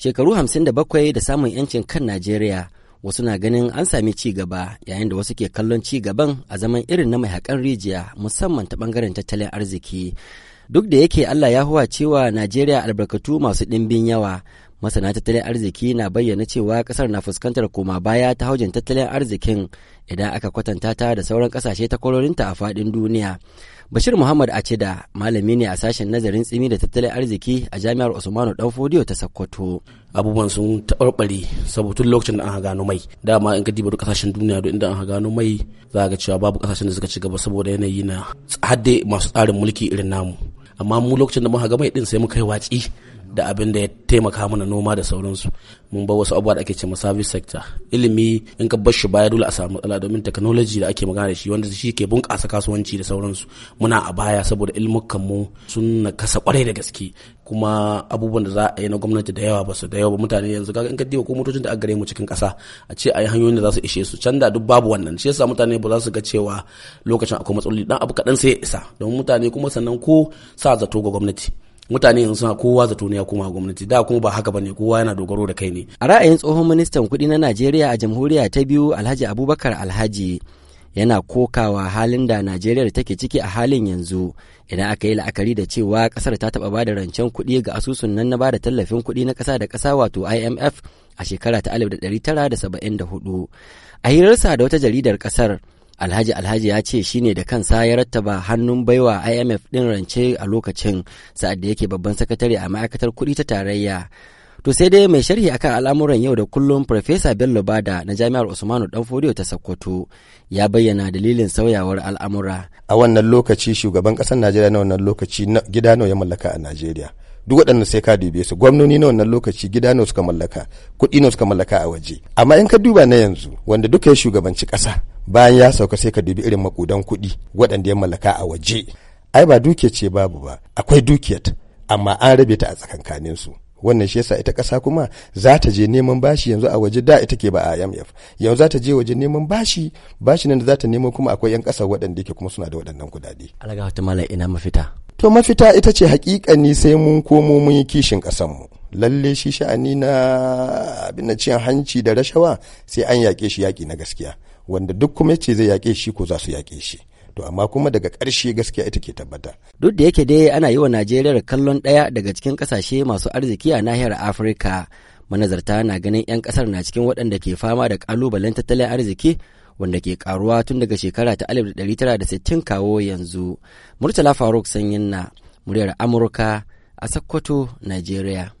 Shekaru hamsin da bakwai da samun 'yancin kan Najeriya wasu na ganin an sami ci gaba yayin da wasu ke kallon ci gaban a zaman irin na mai haƙan rijiya musamman ta ɓangaren tattalin arziki. Duk da yake Allah ya huwa cewa Najeriya albarkatu masu ɗimbin yawa masana tattalin arziki na bayyana cewa kasar na fuskantar koma baya ta haujin tattalin arzikin idan aka kwatanta ta da sauran kasashe ta kororinta a fadin duniya bashir muhammad acida malami ne a sashen nazarin tsimi da tattalin arziki a jami'ar usmanu fodiyo ta sokoto abubuwan sun taɓarɓare saboda tun lokacin da an gano mai dama in ka diba duk kasashen duniya duk inda an gano mai za ga cewa babu kasashen da suka ci gaba saboda yanayi na hadde masu tsarin mulki irin namu amma mu lokacin da muka ga mai din sai muka yi watsi da abin da ya taimaka mana noma da sauransu mun bar wasu abubuwa da ake cewa service sector ilimi in ka bar shi baya dole a samu matsala domin technology da ake magana da shi wanda shi ke bunƙasa kasuwanci da sauransu muna a baya saboda ilmukan mu sun kasa kwarai da gaske kuma abubuwan da za a yi na gwamnati da yawa ba su da yawa ba mutane yanzu kaga in ka diba ko motocin da aka gare mu cikin kasa a ce a yi hanyoyin da za su ishe su can da duk babu wannan shi yasa mutane ba za su ga cewa lokacin akwai matsaloli dan abu kaɗan sai ya isa don mutane kuma sannan ko sa zato ga gwamnati mutane yanzu suna kowa zato ne ya koma gwamnati da kuma ba haka bane kowa yana dogaro da kai ne a ra'ayin tsohon ministan kuɗi na Najeriya a jamhuriya ta biyu Alhaji Abubakar Alhaji yana kokawa halin da Najeriya take ciki a halin yanzu idan aka yi la'akari da cewa kasar ta taɓa da rancen kuɗi ga asusun nan na bada tallafin kuɗi na kasa da kasa wato IMF a shekara ta 1974 a hirarsa da wata jaridar ƙasar alhaji alhaji ya ce shine da kansa ya rattaba hannun baiwa imf din rance a lokacin sa'ad da yake babban sakatare a ma'aikatar kuɗi ta tarayya to sai dai mai sharhi akan al'amuran yau da kullum profesa bello bada na jami'ar usmanu danfodiyo ta sokoto ya bayyana dalilin sauyawar al'amura a wannan lokaci shugaban ƙasar najeriya na wannan lokaci gida nawa ya mallaka a najeriya duk waɗannan sai ka dube su gwamnoni na wannan lokaci gida nawa suka mallaka kuɗi nawa suka mallaka a waje amma in ka duba na yanzu wanda duka ya shugabanci ƙasa bayan ya sauka sai ka dubi irin makudan kuɗi waɗanda ya mallaka a waje ai ba dukiya ce babu ba akwai dukiyar amma an rabe ta a tsakankanin su wannan shi yasa ita ƙasa kuma za ta je neman bashi yanzu a waje da ita ke ba a IMF yanzu za ta je waje neman bashi bashi nan da za ta nemo kuma akwai 'yan ƙasa waɗanda ke kuma suna da waɗannan kudade. Alaga wata mala ina mafita. To mafita ita ce hakikani sai mun komo mun yi kishin mu Lalle shi sha'ani na abin cin hanci da rashawa sai an yaƙe shi yaƙi na gaskiya. wanda duk kuma ce zai yaƙe shi ko za su yaƙe shi to amma kuma daga ƙarshe gaskiya ita ke tabbata duk da yake dai ana yi wa najeriya kallon ɗaya daga cikin ƙasashe masu arziki a nahiyar afirka manazarta na ganin 'yan ƙasar na cikin waɗanda ke fama da ƙalubalen tattalin arziki wanda ke karuwa tun daga shekara ta 1960 kawo yanzu murtala faruk sanyin na muryar amurka a sakkwato najeriya